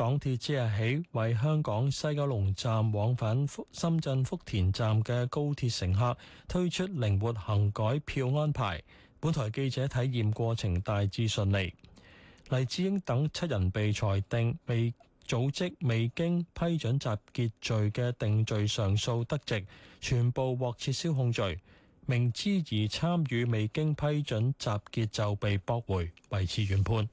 港鐵即日起為香港西九龍站往返深圳福田站嘅高鐵乘客推出靈活行改票安排。本台記者體驗過程大致順利。黎智英等七人被裁定未組織未經批准集結罪嘅定罪上訴得直，全部獲撤銷控罪。明知而參與未經批准集結就被駁回，維持原判。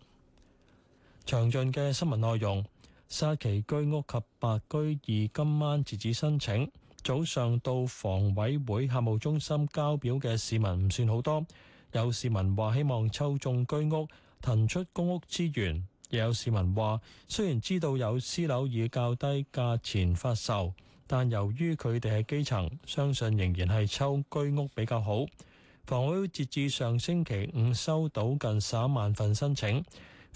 詳盡嘅新聞內容。沙琪居屋及白居二今晚截止申請，早上到房委會客務中心交表嘅市民唔算好多，有市民話希望抽中居屋，騰出公屋資源，也有市民話雖然知道有私樓以較低價錢發售，但由於佢哋係基層相信仍然係抽居屋比較好。房委會截至上星期五收到近三萬份申請。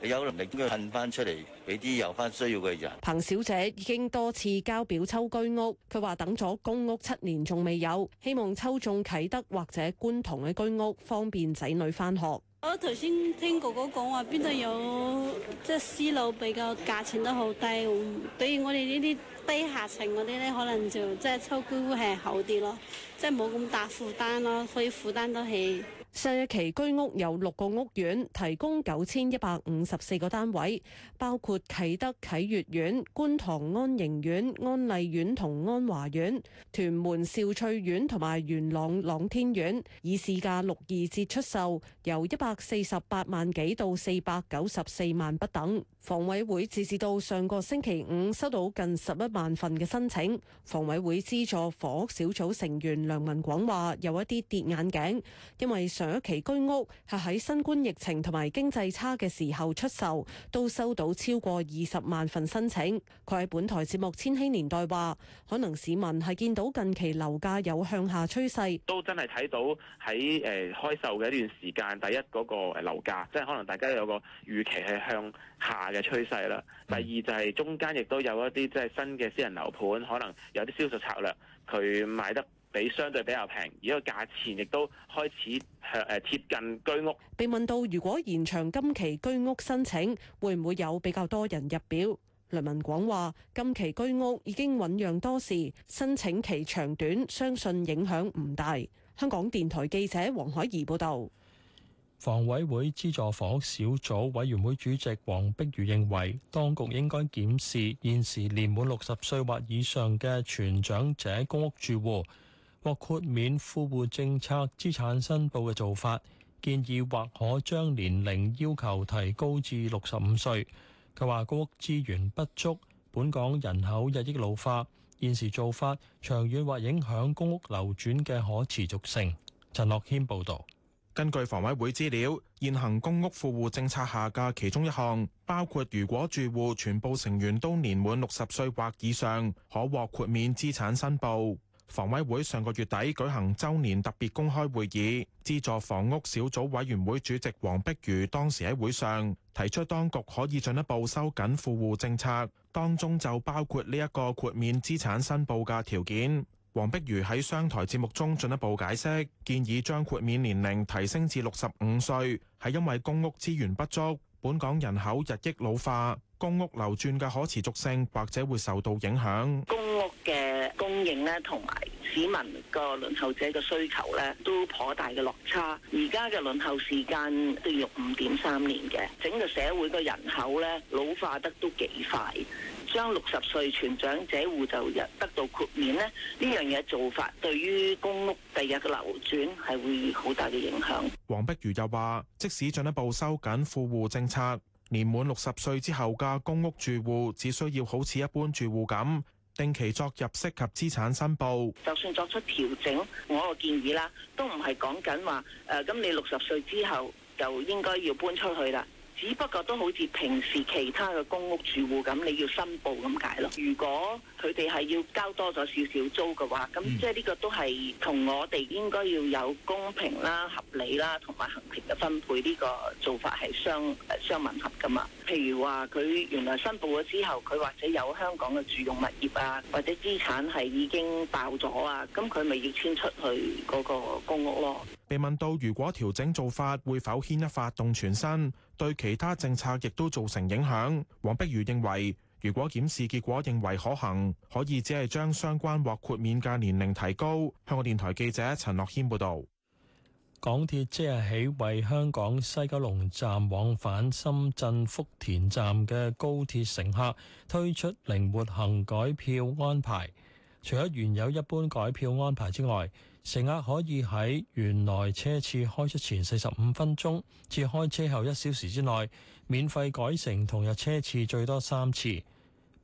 你有能力應該騰翻出嚟俾啲有翻需要嘅人。彭小姐已經多次交表抽居屋，佢話等咗公屋七年仲未有，希望抽中啟德或者觀塘嘅居屋，方便仔女翻學。我頭先聽哥哥講話，邊度有即係思路比較，價錢都好低。對於我哋呢啲低下層嗰啲咧，可能就即係抽居屋係好啲咯。就是即係冇咁大負擔咯，可以負擔得起。上一期居屋有六個屋苑提供九千一百五十四個單位，包括啟德啟悦苑、觀塘安盈苑、安麗苑同安華苑、屯門兆翠苑同埋元朗朗天苑，以市價六二折出售，由一百四十八萬幾到四百九十四萬不等。房委會截至到上個星期五收到近十一萬份嘅申請。房委會資助房屋小組成員梁文廣話：有一啲跌眼鏡，因為上一期居屋係喺新冠疫情同埋經濟差嘅時候出售，都收到超過二十萬份申請。佢喺本台節目《千禧年代》話：可能市民係見到近期樓價有向下趨勢，都真係睇到喺誒開售嘅一段時間，第一嗰個誒樓價，即係可能大家有個預期係向下嘅趨勢啦。第二就係中間亦都有一啲即係新嘅私人樓盤，可能有啲銷售策略，佢賣得比相對比較平，而個價錢亦都開始貼近居屋。被問到如果延長今期居屋申請，會唔會有比較多人入表？梁文廣話：今期居屋已經醞釀多時，申請期長短相信影響唔大。香港電台記者黃海怡報道。房委會資助房屋小組委員會主席黃碧如認為，當局應該檢視現時年滿六十歲或以上嘅全長者公屋住戶獲豁免富戶政策資產申報嘅做法，建議或可將年齡要求提高至六十五歲。佢話公屋資源不足，本港人口日益老化，現時做法長遠或影響公屋流轉嘅可持續性。陳樂謙報道。根據房委會資料，現行公屋富戶政策下嘅其中一項，包括如果住戶全部成員都年滿六十歲或以上，可獲豁免資產申報。房委會上個月底舉行周年特別公開會議，資助房屋小組委員會主席黃碧如當時喺會上提出，當局可以進一步收緊富戶政策，當中就包括呢一個豁免資產申報嘅條件。黃碧如喺商台節目中進一步解釋，建議將豁免年齡提升至六十五歲，係因為公屋資源不足，本港人口日益老化，公屋流轉嘅可持續性或者會受到影響。公屋嘅供應咧，同埋市民個輪候者嘅需求咧，都有頗大嘅落差。而家嘅輪候時間都要五點三年嘅，整個社會個人口咧老化得都幾快。將六十歲全長者戶就入得到豁免咧，呢樣嘢做法對於公屋第日嘅流轉係會好大嘅影響。黃碧如又話，即使進一步收緊富戶政策，年滿六十歲之後嘅公屋住戶只需要好似一般住戶咁，定期作入息及資產申報。就算作出調整，我個建議啦，都唔係講緊話，誒、呃、咁你六十歲之後就應該要搬出去啦。只不過都好似平時其他嘅公屋住戶咁，你要申報咁解咯。如果佢哋係要交多咗少少租嘅話，咁即係呢個都係同我哋應該要有公平啦、合理啦同埋衡平嘅分配。呢個做法係相相吻合噶嘛。譬如話佢原來申報咗之後，佢或者有香港嘅住用物業啊，或者資產係已經爆咗啊，咁佢咪要遷出去嗰個公屋咯。被問到如果調整做法，會否牽一發動全身？對其他政策亦都造成影響。黃碧如認為，如果檢視結果認為可行，可以只係將相關或豁免嘅年齡提高。香港電台記者陳樂軒報導。港鐵即日起為香港西九龍站往返深圳福田站嘅高鐵乘客推出靈活行改票安排，除咗原有一般改票安排之外，乘客可以喺原來車次開出前四十五分鐘至開車後一小時之內，免費改乘同日車次最多三次。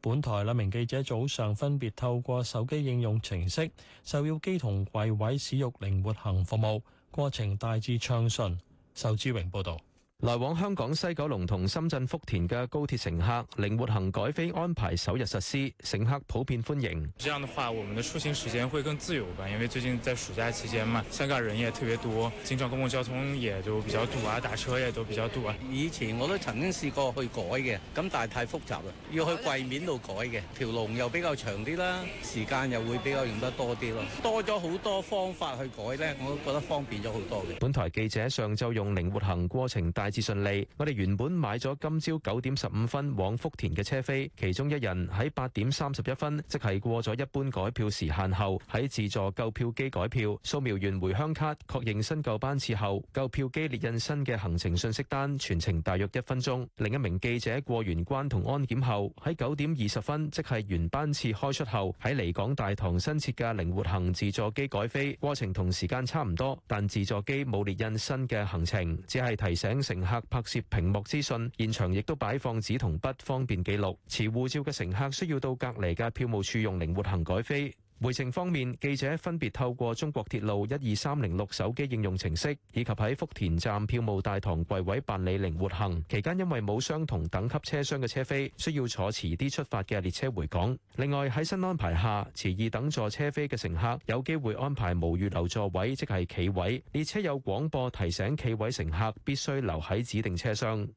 本台兩名記者早上分別透過手機應用程式、售票機同櫃位使用靈活行服務，過程大致暢順。仇志榮報導。來往香港西九龍同深圳福田嘅高鐵乘客靈活行改飛安排首日實施，乘客普遍歡迎。這樣的話，我們的出行時間會更自由吧，因為最近在暑假期間嘛，香港人也特別多，經常公共交通也就比較堵啊，打車也都比較堵啊。以前我都曾經試過去改嘅，咁但係太複雜啦，要去櫃面度改嘅，條龍又比較長啲啦，時間又會比較用得多啲咯。多咗好多方法去改咧，我都覺得方便咗好多嘅。本台記者上晝用靈活行過程帶自順利，我哋原本買咗今朝九點十五分往福田嘅車飛，其中一人喺八點三十一分，即係過咗一般改票時限後，喺自助購票機改票，掃描完回鄉卡，確認新舊班次後，購票機列印新嘅行程信息單，全程大約一分鐘。另一名記者過完關同安檢後，喺九點二十分，即係原班次開出後，喺離港大堂新設嘅靈活行自助機改飛，過程同時間差唔多，但自助機冇列印新嘅行程，只係提醒成乘客拍攝屏幕資訊，現場亦都擺放紙同筆，方便記錄。持護照嘅乘客需要到隔離嘅票務處用靈活行改飛。回程方面，記者分別透過中國鐵路一二三零六手機應用程式，以及喺福田站票務大堂櫃位辦理靈活行。期間因為冇相同等級車廂嘅車飛，需要坐遲啲出發嘅列車回港。另外喺新安排下，持二等座車飛嘅乘客有機會安排無預留座位，即係企位。列車有廣播提醒企位乘客必須留喺指定車廂。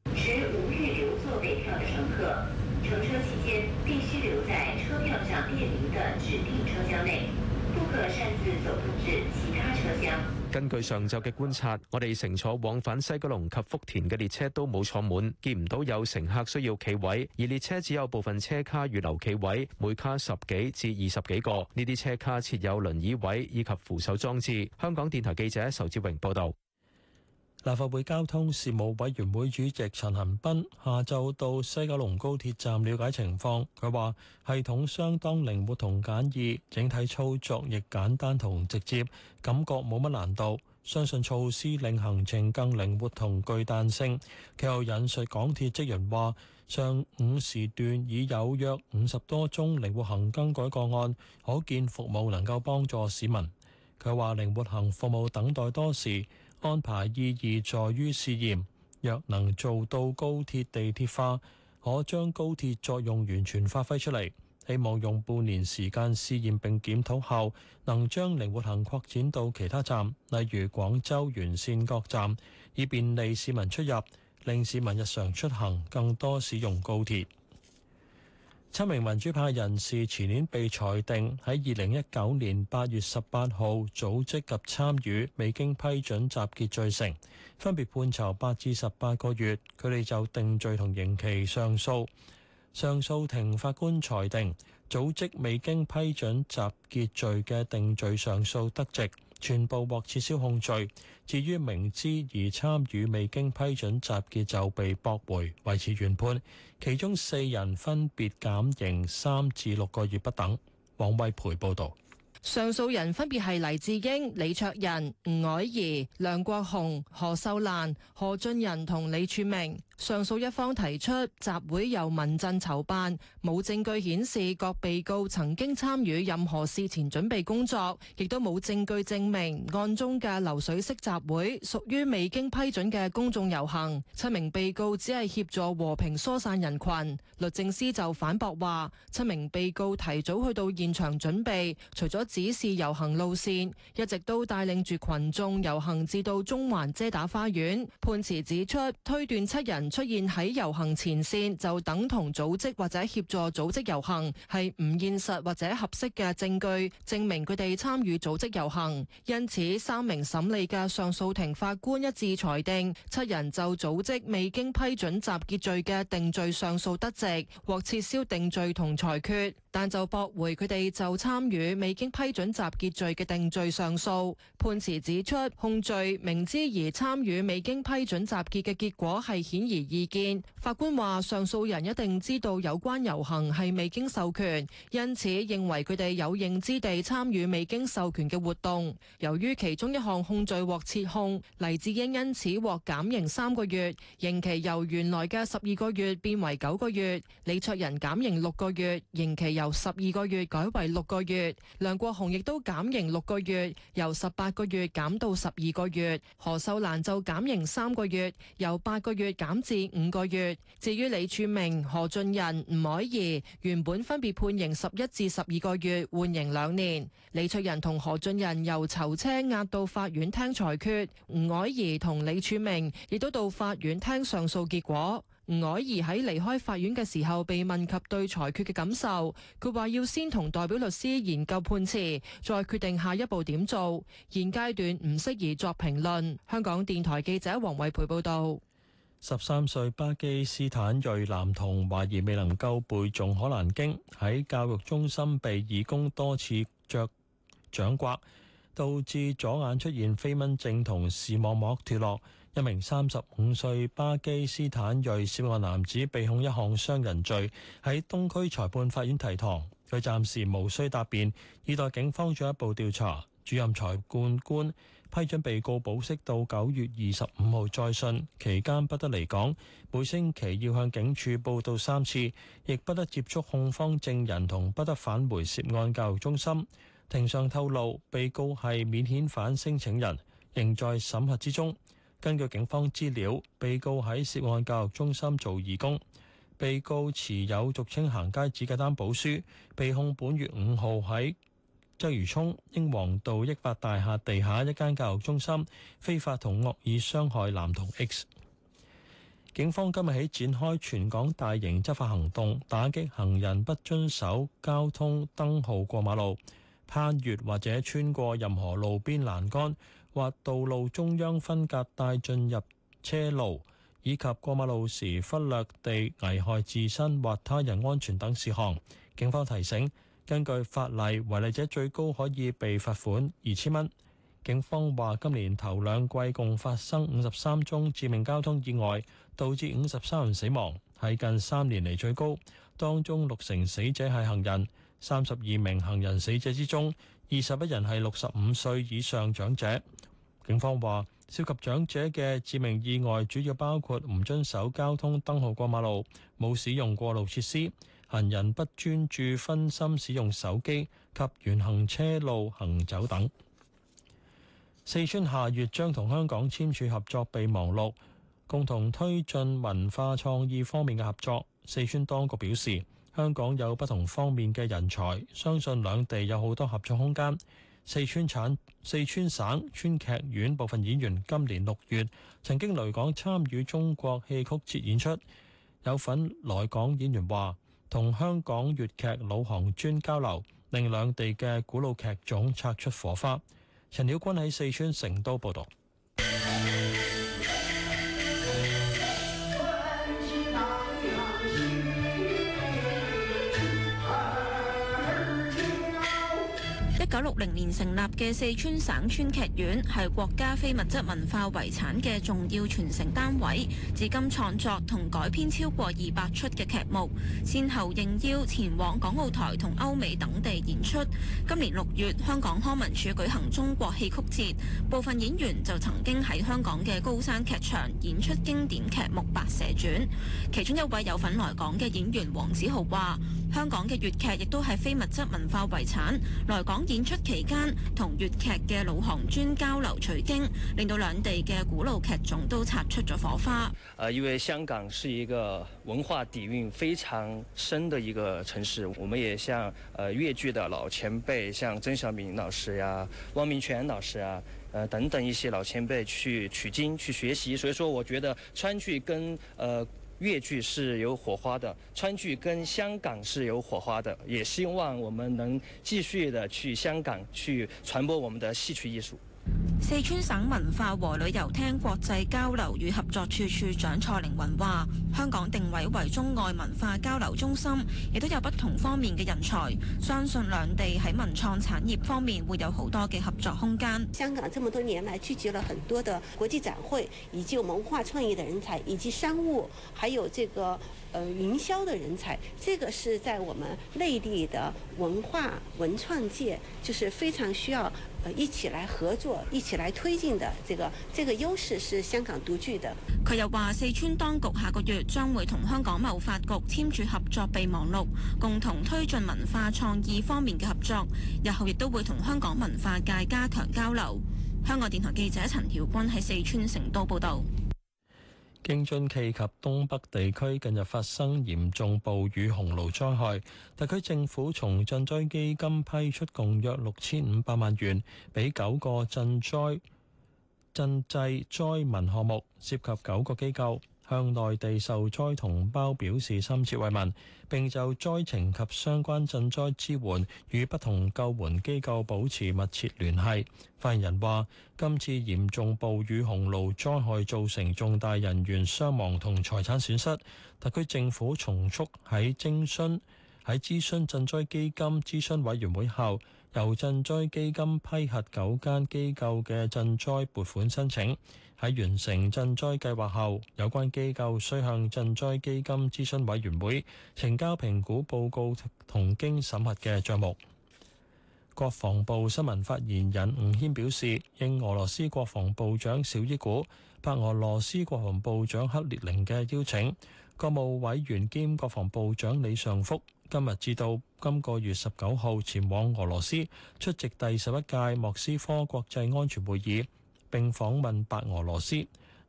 根據上晝嘅觀察，我哋乘坐往返西九龍及福田嘅列車都冇坐滿，見唔到有乘客需要企位，而列車只有部分車卡預留企位，每卡十幾至二十幾個。呢啲車卡設有輪椅位以及扶手裝置。香港電台記者仇志榮報導。立法會交通事務委員會主席陳恒斌下晝到西九龍高鐵站了解情況，佢話系統相當靈活同簡易，整體操作亦簡單同直接，感覺冇乜難度。相信措施令行程更靈活同具彈性。佢又引述港鐵職員話，上午時段已有約五十多宗靈活行更改個案，可見服務能夠幫助市民。佢話靈活行服務等待多時。安排意義在於試驗，若能做到高鐵地鐵化，可將高鐵作用完全發揮出嚟。希望用半年時間試驗並檢討後，能將靈活性擴展到其他站，例如廣州沿線各站，以便利市民出入，令市民日常出行更多使用高鐵。七名民主派人士前年被裁定喺二零一九年八月十八號組織及參與未經批准集結罪成，分別判囚八至十八個月。佢哋就定罪同刑期上訴，上訴庭法官裁定組織未經批准集結罪嘅定罪上訴得直。全部獲撤銷控罪。至於明知而參與未經批准集結就被駁回維持原判，其中四人分別減刑三至六個月不等。王惠培報導。上訴人分別係黎智英、李卓人、吳靄儀、梁國雄、何秀蘭、何俊仁同李柱銘。上訴一方提出集會由民陣籌辦，冇證據顯示各被告曾經參與任何事前準備工作，亦都冇證據證明案中嘅流水式集會屬於未經批准嘅公眾遊行。七名被告只係協助和平疏散人群。律政司就反駁話，七名被告提早去到現場準備，除咗指示遊行路線，一直都帶領住群眾遊行至到中環遮打花園。判詞指出，推斷七人。出現喺遊行前綫就等同組織或者協助組織遊行，係唔現實或者合適嘅證據，證明佢哋參與組織遊行。因此，三名審理嘅上訴庭法官一致裁定，七人就組織未經批准集結罪嘅定罪上訴得直，獲撤銷定罪同裁決，但就駁回佢哋就參與未經批准集結罪嘅定罪上訴。判詞指出，控罪明知而參與未經批准集結嘅結果係顯然。意見法官話，上訴人一定知道有關遊行係未經授權，因此認為佢哋有認知地參與未經授權嘅活動。由於其中一項控罪獲撤控，黎智英因此獲減刑三個月，刑期由原來嘅十二個月變為九個月。李卓人減刑六個月，刑期由十二個月改為六個月。梁國雄亦都減刑六個月，由十八個月減到十二個月。何秀蘭就減刑三個月，由八個月減至五個月。至於李柱明、何俊仁、吳凱儀原本分別判刑十一至十二個月，緩刑兩年。李卓人同何俊仁由囚車押到法院聽裁決，吳凱儀同李柱明亦都到法院聽上訴結果。吳凱儀喺離開法院嘅時候被問及對裁決嘅感受，佢話要先同代表律師研究判詞，再決定下一步點做，現階段唔適宜作評論。香港電台記者黃慧培報道。十三歲巴基斯坦裔男童懷疑未能夠背誦《可蘭經》，喺教育中心被義工多次著掌摑，導致左眼出現飛蚊症同視網膜脫落。一名三十五歲巴基斯坦裔涉案男子被控一項傷人罪，喺東區裁判法院提堂，佢暫時無需答辯，以待警方進一步調查。主任裁判官。批准被告保釋到九月二十五號再訊，期間不得離港，每星期要向警署報到三次，亦不得接觸控方證人同不得返回涉案教育中心。庭上透露，被告係免遣返申請人，仍在審核之中。根據警方資料，被告喺涉案教育中心做義工，被告持有俗稱行街紙嘅擔保書，被控本月五號喺周如聰英皇道益發大廈地下一間教育中心非法同惡意傷害男童 X。警方今日起展開全港大型執法行動，打擊行人不遵守交通燈號過馬路、攀越或者穿過任何路邊欄杆或道路中央分隔帶進入車路，以及過馬路時忽略地危害自身或他人安全等事項。警方提醒。根據法例，違例者最高可以被罰款二千蚊。警方話，今年頭兩季共發生五十三宗致命交通意外，導致五十三人死亡，係近三年嚟最高。當中六成死者係行人，三十二名行人死者之中，二十一人係六十五歲以上長者。警方話，涉及長者嘅致命意外，主要包括唔遵守交通燈號過馬路，冇使用過路設施、行人不專注、分心使用手機及沿行車路行走等。四川下月將同香港簽署合作備忘錄，共同推進文化創意方面嘅合作。四川當局表示，香港有不同方面嘅人才，相信兩地有好多合作空間。四川產四川省川劇院部分演員今年六月曾經來港參與中國戲曲節演出，有份來港演員話。同香港粵劇老行尊交流，令兩地嘅古老劇種擦出火花。陳曉君喺四川成都報道。1960年成立嘅四川省川劇院係國家非物質文化遺產嘅重要傳承單位，至今創作同改編超過二百出嘅劇目，先後應邀前往港澳台同歐美等地演出。今年六月，香港康文署舉行中國戲曲節，部分演員就曾經喺香港嘅高山劇場演出經典劇目《白蛇傳》，其中一位有份來港嘅演員黃子豪話。香港嘅粵劇亦都係非物質文化遺產，來港演出期間同粵劇嘅老行尊交流取經，令到兩地嘅古老劇種都擦出咗火花。誒，因為香港是一個文化底蘊非常深嘅一個城市，我們也向誒粵劇嘅老前輩，像曾小敏老師呀、汪明荃老師啊，誒、啊、等等一些老前輩去取經、去學習。所以說，我覺得川劇跟誒。呃粵劇是有火花的，川劇跟香港是有火花的，也希望我們能繼續的去香港去傳播我們的戲曲藝術。四川省文化和旅遊廳國際交流與合作處處長蔡凌雲話，香港定位為中外文化交流中心，亦都有不同方面嘅人才，相信兩地喺文創產業方面會有好多嘅合作空間。香港這麼多年來聚集了很多的國際展會，以及文化創意的人才，以及商務，還有這個，呃，營銷的人才，這個是在我們內地的文化文創界，就是非常需要。一一起起來來合作，一起來推進的。的、這個。這個優勢是香港獨具佢又話，四川當局下個月將會同香港貿發局簽署合作備忘錄，共同推進文化創意方面嘅合作。日後亦都會同香港文化界加強交流。香港電台記者陳曉君喺四川成都報道。京津冀及東北地區近日發生嚴重暴雨洪澇災害，特區政府從賑災基金批出共約六千五百萬元，俾九個賑災賑濟災，災民項目，涉及九個機構。向內地受災同胞表示深切慰問，並就災情及相關賑災支援與不同救援機構保持密切聯繫。發言人話：今次嚴重暴雨洪澇災害造成重大人員傷亡同財產損失，特區政府從速喺徵詢喺諮詢賑災基金諮詢委員會後，由賑災基金批核九間機構嘅賑災撥款申請。喺完成賑災計劃後，有關機構需向賑災基金諮詢委員會呈交評估報告同經審核嘅帳目。國防部新聞發言人吳謙表示，應俄羅斯國防部長紹伊古、白俄羅斯國防部長克列寧嘅邀請，國務委員兼國防部長李尚福今日至到今個月十九號前往俄羅斯出席第十一屆莫斯科國際安全會議。並訪問白俄羅斯。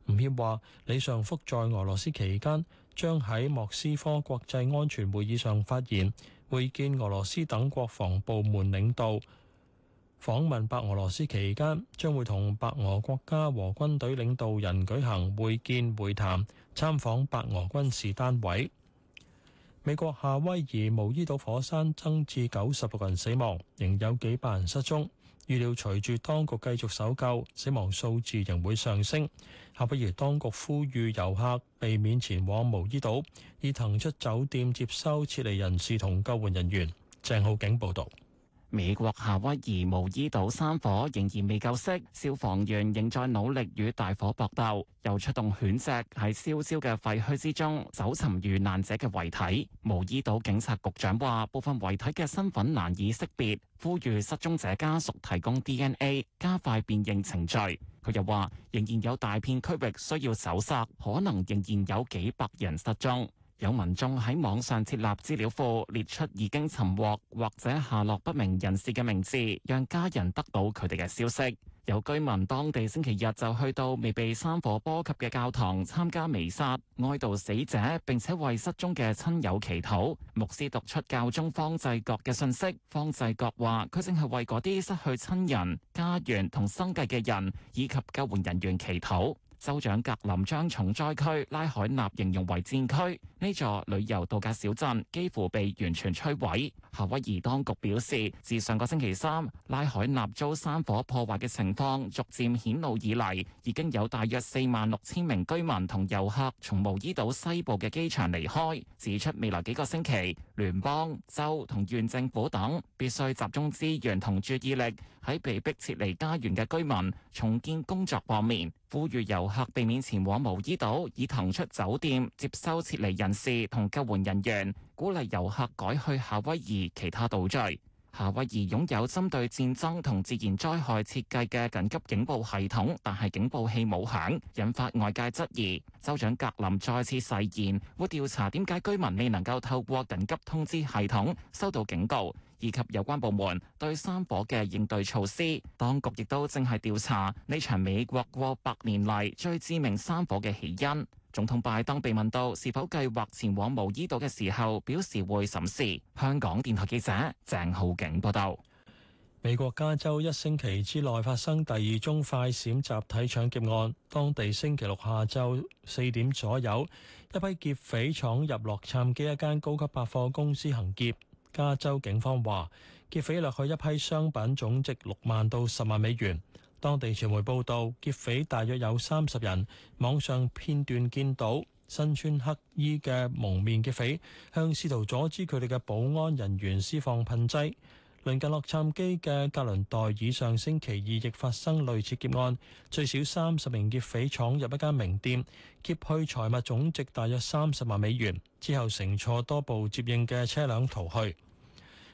吳謙話：李尚福在俄羅斯期間將喺莫斯科國際安全會議上發言，會見俄羅斯等國防部門領導。訪問白俄羅斯期間，將會同白俄國家和軍隊領導人舉行會見會談，參訪白俄軍事單位。美國夏威夷毛伊島火山增至九十六人死亡，仍有幾百人失蹤。預料隨住當局繼續搜救，死亡數字仍會上升。夏威夷當局呼籲遊客避免前往毛伊島，以騰出酒店接收撤離人士同救援人員。鄭浩景報道。美國夏威夷毛伊島山火仍然未救熄，消防員仍在努力與大火搏鬥，又出動犬隻喺燒焦嘅廢墟之中搜尋遇難者嘅遺體。毛伊島警察局長話：部分遺體嘅身份難以識別，呼籲失蹤者家屬提供 DNA，加快辨認程序。佢又話：仍然有大片區域需要搜索，可能仍然有幾百人失蹤。有民眾喺網上設立資料庫，列出已經尋獲或者下落不明人士嘅名字，讓家人得到佢哋嘅消息。有居民當地星期日就去到未被山火波及嘅教堂參加彌撒，哀悼死者，並且為失蹤嘅親友祈禱。牧師讀出教宗方濟各嘅信息。方濟各話：佢正係為嗰啲失去親人、家園同生計嘅人，以及救援人員祈禱。州長格林將重災區拉海納形容為戰區，呢座旅遊度假小鎮幾乎被完全摧毀。夏威夷當局表示，自上個星期三拉海納遭山火破壞嘅情況逐漸顯露以嚟，已經有大約四萬六千名居民同遊客從毛伊島西部嘅機場離開，指出未來幾個星期，聯邦、州同縣政府等必須集中資源同注意力喺被迫撤離家園嘅居民重建工作方面，呼籲遊客避免前往毛伊島，以騰出酒店接收撤離人士同救援人員，鼓勵遊客改去夏威夷其他島嶼。夏威夷擁有針對戰爭同自然災害設計嘅緊急警報系統，但係警報器冇響，引發外界質疑。州長格林再次誓言會調查點解居民未能夠透過緊急通知系統收到警告，以及有關部門對山火嘅應對措施。當局亦都正係調查呢場美國過百年嚟最致命山火嘅起因。總統拜登被問到是否計劃前往毛伊島嘅時候，表示會審視。香港電台記者鄭浩景報道。美國加州一星期之內發生第二宗快閃集體搶劫案，當地星期六下晝四點左右，一批劫匪闖入洛杉磯一間高級百貨公司行劫。加州警方話，劫匪掠去一批商品總值六萬到十萬美元。當地傳媒報道，劫匪大約有三十人。網上片段見到身穿黑衣嘅蒙面劫匪，向試圖阻止佢哋嘅保安人員施放噴劑。鄰近洛杉磯嘅格倫代爾上星期二亦發生類似劫案，最少三十名劫匪闖入一間名店，劫去財物總值大約三十萬美元，之後乘坐多部接應嘅車輛逃去。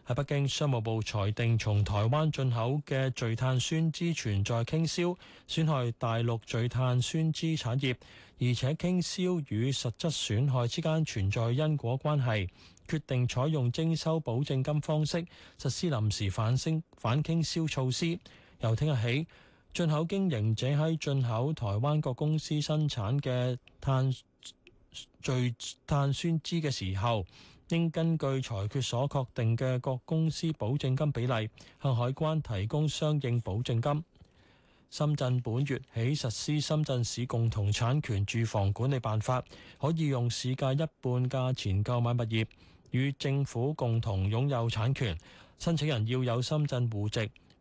喺北京，商務部裁定從台灣進口嘅聚碳酸酯存在傾銷，損害大陸聚碳酸酯產業，而且傾銷與實質損害之間存在因果關係，決定採用徵收保證金方式實施臨時反升反傾銷措施。由聽日起，進口經營者喺進口台灣各公司生產嘅碳聚碳酸酯嘅時候。應根據裁決所確定嘅各公司保證金比例，向海關提供相應保證金。深圳本月起實施《深圳市共同產權住房管理辦法》，可以用市價一半價錢購買物業，與政府共同擁有產權。申請人要有深圳戶籍。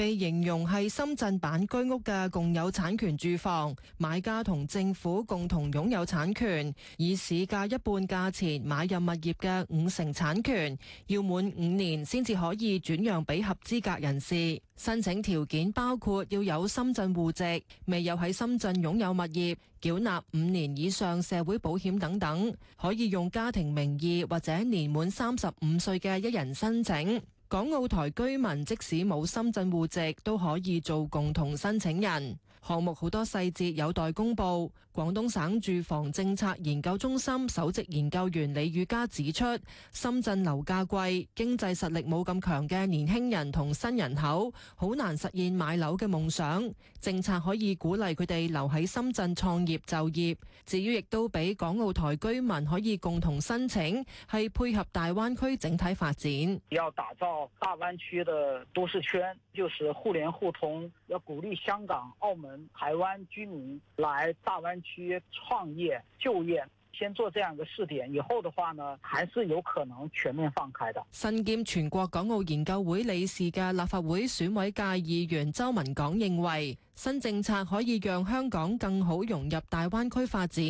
被形容係深圳版居屋嘅共有產權住房，買家同政府共同擁有產權，以市價一半價錢買入物業嘅五成產權，要滿五年先至可以轉讓俾合資格人士。申請條件包括要有深圳戶籍、未有喺深圳擁有物業、繳納五年以上社會保險等等，可以用家庭名義或者年滿三十五歲嘅一人申請。港澳台居民即使冇深圳戶籍，都可以做共同申請人。項目好多細節有待公布。廣東省住房政策研究中心首席研究員李宇嘉指出，深圳樓價貴，經濟實力冇咁強嘅年輕人同新人口好難實現買樓嘅夢想。政策可以鼓勵佢哋留喺深圳創業就業。至於亦都俾港澳台居民可以共同申請，係配合大灣區整體發展。要打造大灣區的都市圈，就是互聯互通，要鼓勵香港、澳門。台灣居民來大灣區創業就業，先做這樣一個試點，以後的話呢，還是有可能全面放開的。身兼全國港澳研究會理事嘅立法會選委界議員周文港認為，新政策可以讓香港更好融入大灣區發展，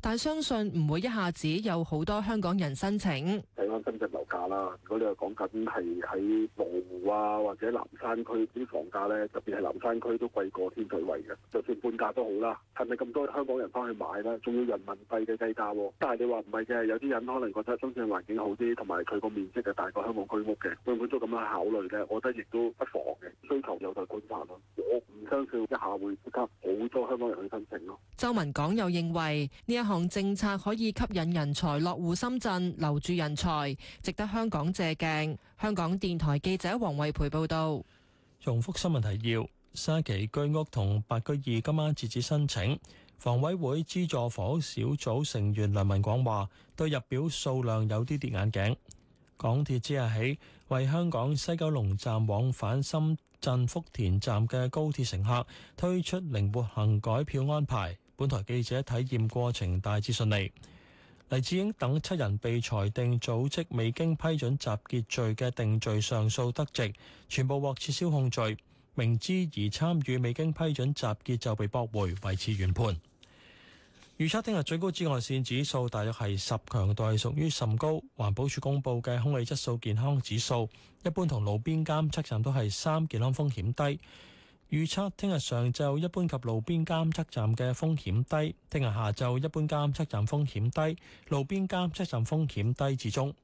但相信唔會一下子有好多香港人申請。價啦，如果你話講緊係喺羅湖啊，或者南山區啲房價咧，特別係南山區都貴過天水圍嘅，就算半價都好啦。係咪咁多香港人翻去買啦，仲要人民幣嘅計價喎、啊。但係你話唔係嘅，有啲人可能覺得深圳環境好啲，同埋佢個面積係大過香港居屋嘅，佢會唔會都咁樣考慮咧？我覺得亦都不妨嘅，需求有待觀察咯。我唔相信一下會即刻好多香港人去申請咯、啊。周文港又認為呢一項政策可以吸引人才落戶深圳，留住人才，值得。香港借鏡，香港電台記者黃慧培報道。重複新聞提要：沙琪居屋同白居二今晚截止申請。房委會資助房屋小組成員梁文廣話，對入表數量有啲跌眼鏡。港鐵即日起為香港西九龍站往返深圳福田站嘅高鐵乘客推出靈活行改票安排。本台記者體驗過程大致順利。黎智英等七人被裁定組織未經批准集結罪嘅定罪上訴得直，全部獲撤銷控罪；明知而參與未經批准集結就被駁回，維持原判。預測聽日最高紫外線指數大約係十強，強度係屬於甚高。環保署公布嘅空氣質素健康指數，一般同路邊監測站都係三，健康風險低。預測聽日上晝一般及路邊監測站嘅風險低，聽日下晝一般監測站風險低，路邊監測站風險低至中。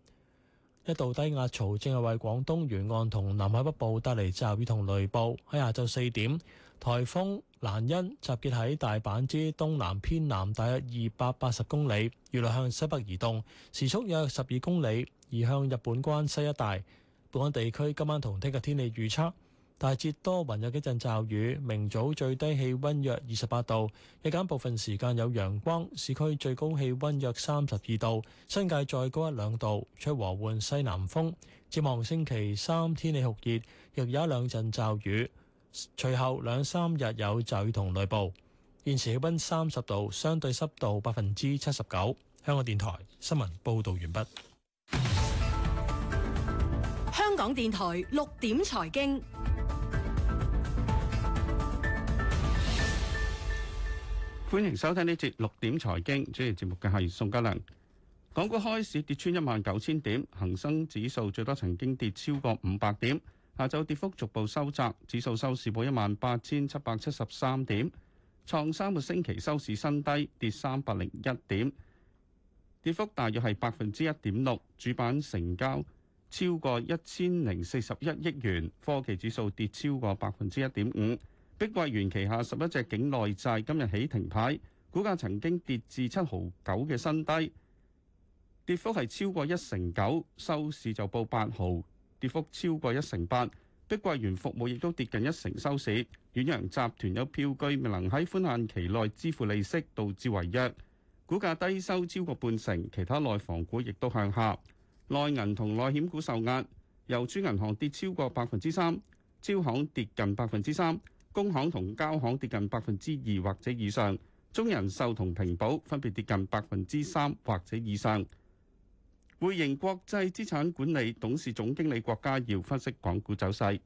一度低壓槽正係為廣東沿岸同南海北部帶嚟驟雨同雷暴。喺下晝四點，颱風蘭恩集結喺大阪之東南偏南大約二百八十公里，預料向西北移動，時速約十二公里，移向日本關西一帶。本港地區今晚同聽日天氣預測。大致多雲，有幾陣驟雨。明早最低氣溫約二十八度，日間部分時間有陽光，市區最高氣溫約三十二度，新界再高一兩度。吹和緩西南風。展望星期三天氣酷熱，亦有一兩陣驟雨。隨後兩三日有驟雨同雷暴。現時氣溫三十度，相對濕度百分之七十九。香港電台新聞報道完畢。香港電台六點財經。歡迎收聽呢節六點財經，主持節目嘅係宋家良。港股開市跌穿一萬九千點，恒生指數最多曾經跌超過五百點，下晝跌幅逐步收窄，指數收市報一萬八千七百七十三點，創三個星期收市新低，跌三百零一點，跌幅大約係百分之一點六。主板成交超過一千零四十一億元，科技指數跌超過百分之一點五。碧桂園旗下十一隻境內債今日起停牌，股價曾經跌至七毫九嘅新低，跌幅係超過一成九，收市就報八毫，跌幅超過一成八。碧桂園服務亦都跌近一成，收市。遠洋集團有票據未能喺寬限期內支付利息，導致違約，股價低收超過半成。其他內房股亦都向下，內銀同內險股受壓，郵儲銀行跌超過百分之三，招行跌近百分之三。中行同交行跌近百分之二或者以上，中人壽同平保分別跌近百分之三或者以上。匯盈國際資產管理董事總經理郭家耀分析港股走勢。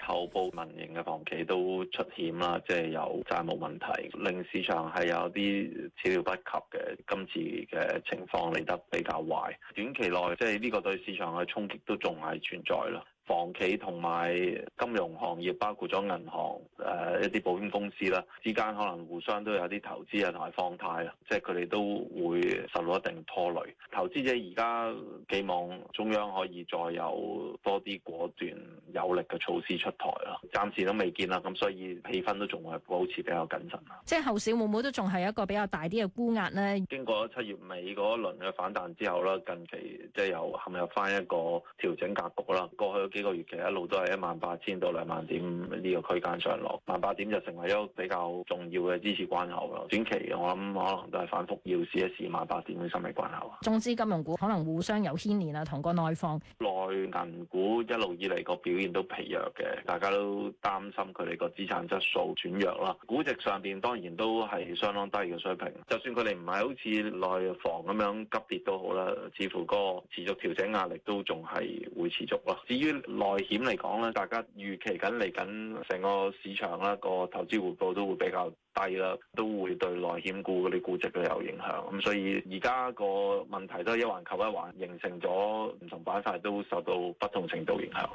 頭部民營嘅房企都出險啦，即係有債務問題，令市場係有啲始料不及嘅，今次嘅情況嚟得比較壞，短期內即係呢個對市場嘅衝擊都仲係存在啦。房企同埋金融行業包括咗銀行、誒、呃、一啲保險公司啦，之間可能互相都有啲投資啊，同埋放貸啊，即係佢哋都會受到一定拖累。投資者而家寄望中央可以再有多啲果斷有力嘅措施出台啦，暫時都未見啦，咁所以氣氛都仲係保持比較謹慎啦。即係後市會唔會都仲係一個比較大啲嘅沽壓咧？經過七月尾嗰一輪嘅反彈之後啦，近期即係又陷入翻一個調整格局啦。過去呢個月期一路都係一萬八千到兩萬點呢個區間上落，萬八點就成為一個比較重要嘅支持關口咯。短期我諗可能都係反覆要試一試萬八點嘅心理關口。中資金融股可能互相有牽連啊，同個內房、內銀股一路以嚟個表現都疲弱嘅，大家都擔心佢哋個資產質素轉弱啦。估值上面當然都係相當低嘅水平，就算佢哋唔係好似內房咁樣急跌都好啦，似乎個持續調整壓力都仲係會持續咯。至於內險嚟講咧，大家預期緊嚟緊成個市場咧個投資回報都會比較低啦，都會對內險股嗰啲估值都有影響。咁所以而家個問題都係一環扣一環，形成咗唔同板塊都受到不同程度影響。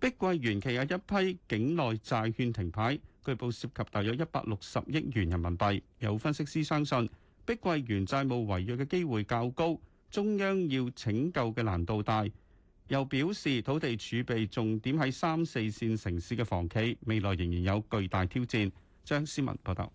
碧桂園旗下一批境內債券停牌，據報涉及大約一百六十億元人民幣。有分析師相信，碧桂園債務違約嘅機會較高，中央要拯救嘅難度大。又表示，土地儲備重點喺三四線城市嘅房企，未來仍然有巨大挑戰。張思文報道。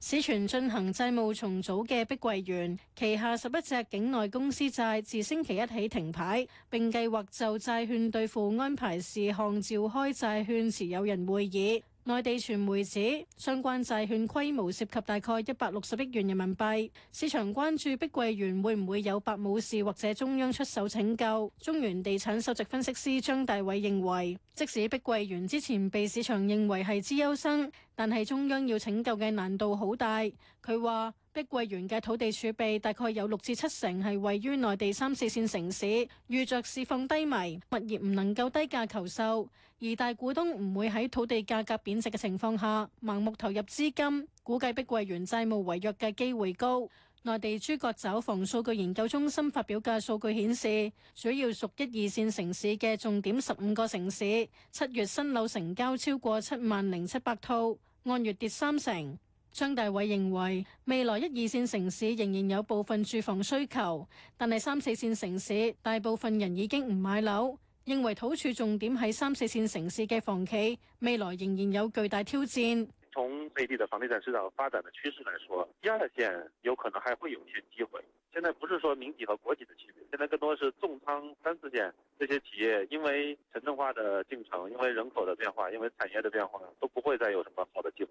市傳進行債務重組嘅碧桂園旗下十一隻境內公司債自星期一起停牌，並計劃就債券兌付安排事項召開債券持有人會議。內地傳媒指相關債券規模涉及大概一百六十億元人民幣，市場關注碧桂園會唔會有白武士或者中央出手拯救。中原地產首席分析師張大偉認為，即使碧桂園之前被市場認為係資優生，但係中央要拯救嘅難度好大。佢話：碧桂園嘅土地儲備大概有六至七成係位於內地三四線城市，遇着市況低迷，物業唔能夠低價求售。而大股東唔會喺土地價格貶值嘅情況下盲目投入資金，估計碧桂園債務違約嘅機會高。內地諸葛找房數據研究中心發表嘅數據顯示，主要屬一、二線城市嘅重點十五個城市，七月新樓成交超過七萬零七百套，按月跌三成。張大偉認為，未來一、二線城市仍然有部分住房需求，但係三四線城市大部分人已經唔買樓。認為土處重點係三四線城市嘅房企，未來仍然有巨大挑戰。從內地的房地產市場發展的趨勢來說，一二線有可能還會有一些機會。現在不是說民企和國企的區別，現在更多是重倉三四線這些企業，因為城鎮化嘅進程，因為人口的變化，因為產業的變化，都不會再有什麼好的機會。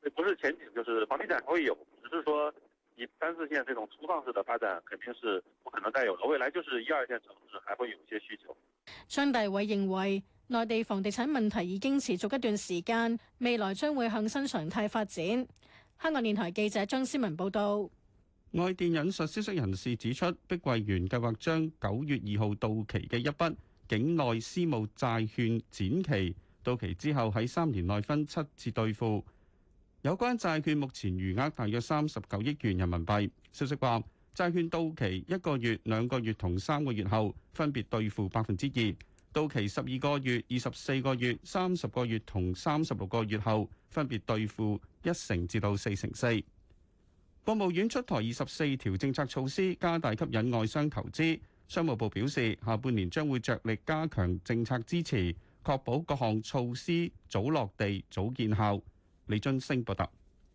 所以不是前景，就是房地產還會有，只是說。三四線這種粗放式的發展肯定是不可能再有了，未來就是一二線城市還會有一些需求。張大偉認為，內地房地產問題已經持續一段時間，未來將會向新常態發展。香港電台記者張思文報道。外電引述消息人士指出，碧桂園計劃將九月二號到期嘅一筆境內私募債券展期，到期之後喺三年內分七次兌付。有關債券目前餘額大約三十九億元人民幣。消息話，債券到期一個月、兩個月同三個月後，分別兌付百分之二；到期十二個月、二十四個月、三十個月同三十六個月後，分別兌付一成至到四成四。國務院出台二十四條政策措施，加大吸引外商投資。商務部表示，下半年將會着力加強政策支持，確保各項措施早落地、早見效。李津升報道，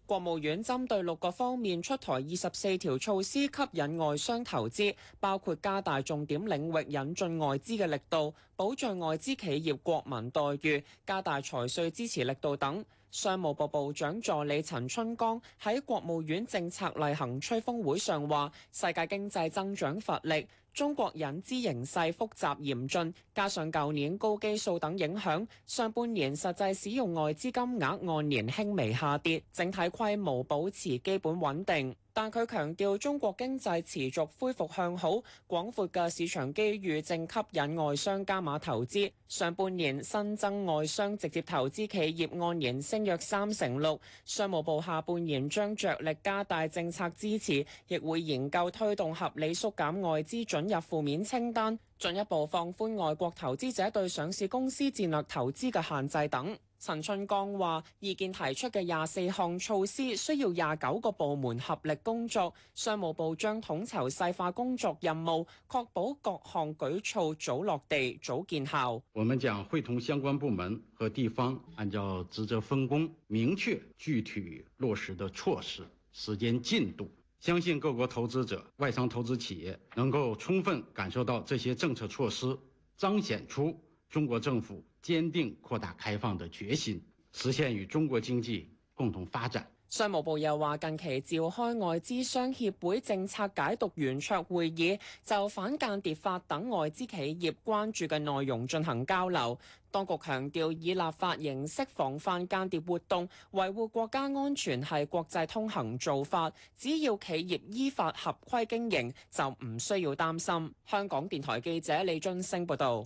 國務院針對六個方面出台二十四條措施吸引外商投資，包括加大重點領域引進外資嘅力度，保障外資企業國民待遇，加大財稅支持力度等。商務部部長助理陳春江喺國務院政策例行吹風會上話：世界經濟增長乏力，中國引資形勢複雜嚴峻，加上舊年高基數等影響，上半年實際使用外資金額按年輕微下跌，整體規模保持基本穩定。但佢強調，中國經濟持續恢復向好，廣闊嘅市場機遇正吸引外商加碼投資。上半年新增外商直接投資企業按年升約三成六。商務部下半年將着力加大政策支持，亦會研究推動合理縮減外資准入負面清單，進一步放寬外國投資者對上市公司戰略投資嘅限制等。陳春江話：意見提出嘅廿四項措施需要廿九個部門合力工作，商務部將統籌細化工作任務，確保各項舉措早落地、早見效。我們將會同相關部門和地方，按照職責分工，明確具體落實的措施、時間進度。相信各國投資者、外商投資企業能夠充分感受到這些政策措施，彰顯出中國政府，堅定擴大開放的決心，實現與中國經濟共同發展。商務部又話，近期召開外資商協會政策解讀圓桌會議，就反間諜法等外資企業關注嘅內容進行交流。當局強調，以立法形式防範間諜活動，維護國家安全係國際通行做法。只要企業依法合規經營，就唔需要擔心。香港電台記者李津升報道。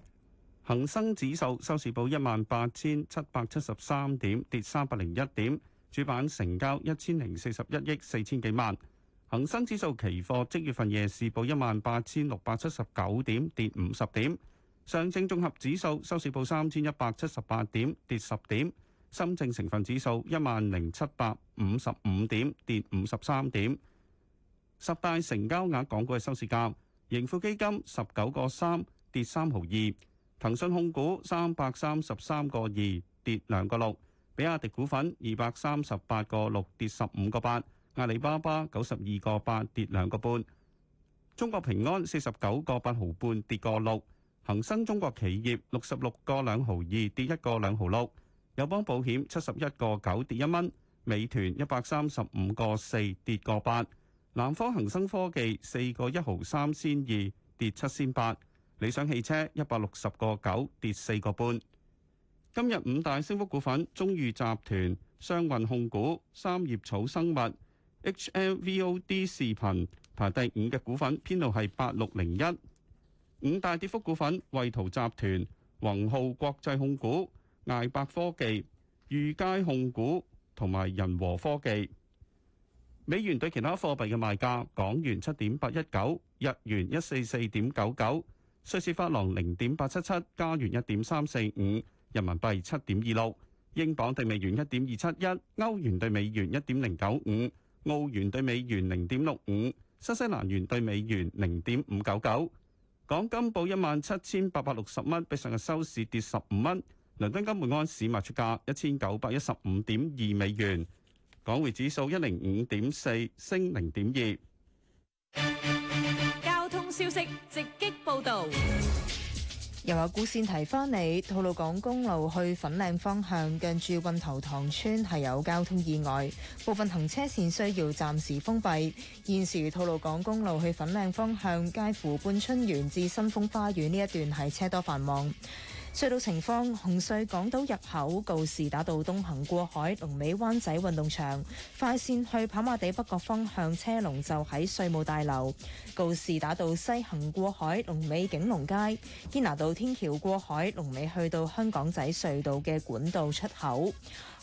恒生指數收市報一萬八千七百七十三點，跌三百零一點。主板成交一千零四十一億四千幾萬。恒生指數期貨即月份夜市報一萬八千六百七十九點，跌五十點。上證綜合指數收市報三千一百七十八點，跌十點。深證成分指數一萬零七百五十五點，跌五十三點。十大成交額港股嘅收市價，盈富基金十九個三跌三毫二。騰訊控股三百三十三個二跌兩個六，比亞迪股份二百三十八個六跌十五個八，阿里巴巴九十二個八跌兩個半，中國平安四十九個八毫半跌個六，恒生中國企業六十六個兩毫二跌一個兩毫六，友邦保險七十一個九跌一蚊，美團一百三十五個四跌個八，南方恒生科技四個一毫三仙二跌七仙八。理想汽車一百六十個九跌四個半。今日五大升幅股份：中裕集團、商運控股、三葉草生物、HMVOD 視頻。排第五嘅股份編號係八六零一。五大跌幅股份：惠圖集團、宏浩國際控股、艾伯科技、御佳控股同埋仁和科技。美元對其他貨幣嘅賣價：港元七點八一九，日元一四四點九九。瑞士法郎零點八七七，加元一點三四五，人民幣七點二六，英鎊兌美元一點二七一，歐元兌美元一點零九五，澳元兌美元零點六五，新西蘭元兌美元零點五九九。港金報一萬七千八百六十蚊，比上日收市跌十五蚊。倫敦金每盎司賣出價一千九百一十五點二美元。港匯指數一零五點四，升零點二。消息直擊報道，又有古線提翻你，吐露港公路去粉嶺方向近住運頭塘村係有交通意外，部分行車線需要暫時封閉。現時吐露港公路去粉嶺方向介乎半春園至新峰花園呢一段係車多繁忙。隧道情況：紅隧港島入口告士打道東行過海龍尾灣仔運動場，快線去跑馬地北角方向車龍就喺稅務大樓，告士打道西行過海龍尾景隆街，堅拿道天橋過海龍尾去到香港仔隧道嘅管道出口。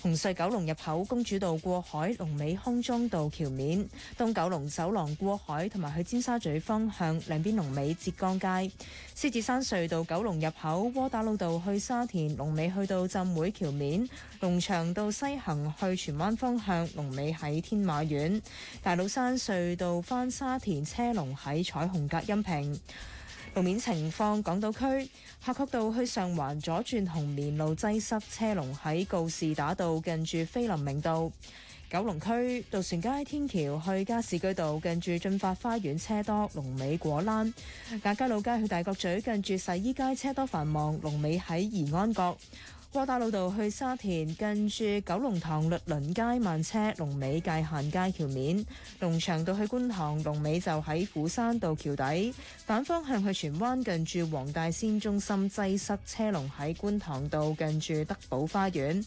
紅隧九龍入口公主道過海，龍尾康莊道橋面；東九龍走廊過海，同埋去尖沙咀方向兩邊龍尾浙江街；獅子山隧道九龍入口窩打老道去沙田龍尾去到浸會橋面，龍翔道西行去荃灣方向龍尾喺天馬苑；大老山隧道返沙田車龍喺彩虹隔音屏。路面情況：港島區夏愨道去上環左轉紅棉路擠塞車龍；喺告士打道近住菲林明道；九龍區渡船街天橋去加士居道近住俊發花園車多；龍尾果欄；亞皆老街去大角咀近住洗衣街車多繁忙；龍尾喺怡安角。窩打老道去沙田，近住九龍塘律倫街慢車，龍尾界限街橋面；龍翔道去觀塘，龍尾就喺虎山道橋底。反方向去荃灣，近住黃大仙中心擠塞車龍，喺觀塘道近住德寶花園。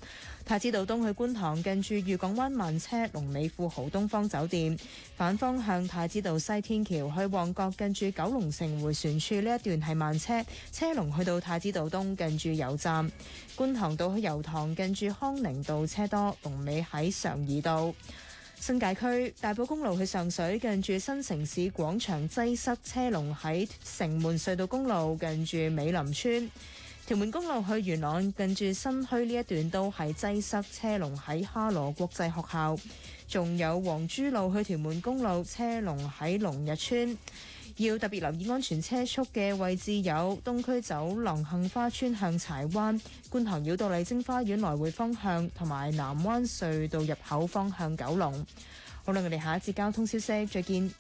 太子道東去觀塘，近住御港灣慢車，龍尾富豪東方酒店。反方向太子道西天橋去旺角，近住九龍城迴旋處呢一段係慢車，車龍去到太子道東，近住油站。觀塘道去油塘，近住康寧道車多，龍尾喺常怡道。新界區大埔公路去上水，近住新城市廣場擠塞，車龍喺城門隧道公路近住美林村。屯門公路去元朗，近住新墟呢一段都係擠塞，車龍喺哈羅國際學校，仲有黃珠路去屯門公路車龍喺龍日村。要特別留意安全車速嘅位置有東區走廊杏花村向柴灣、觀塘繞道麗晶花園來回方向，同埋南灣隧道入口方向九龍。好啦，我哋下一節交通消息再見。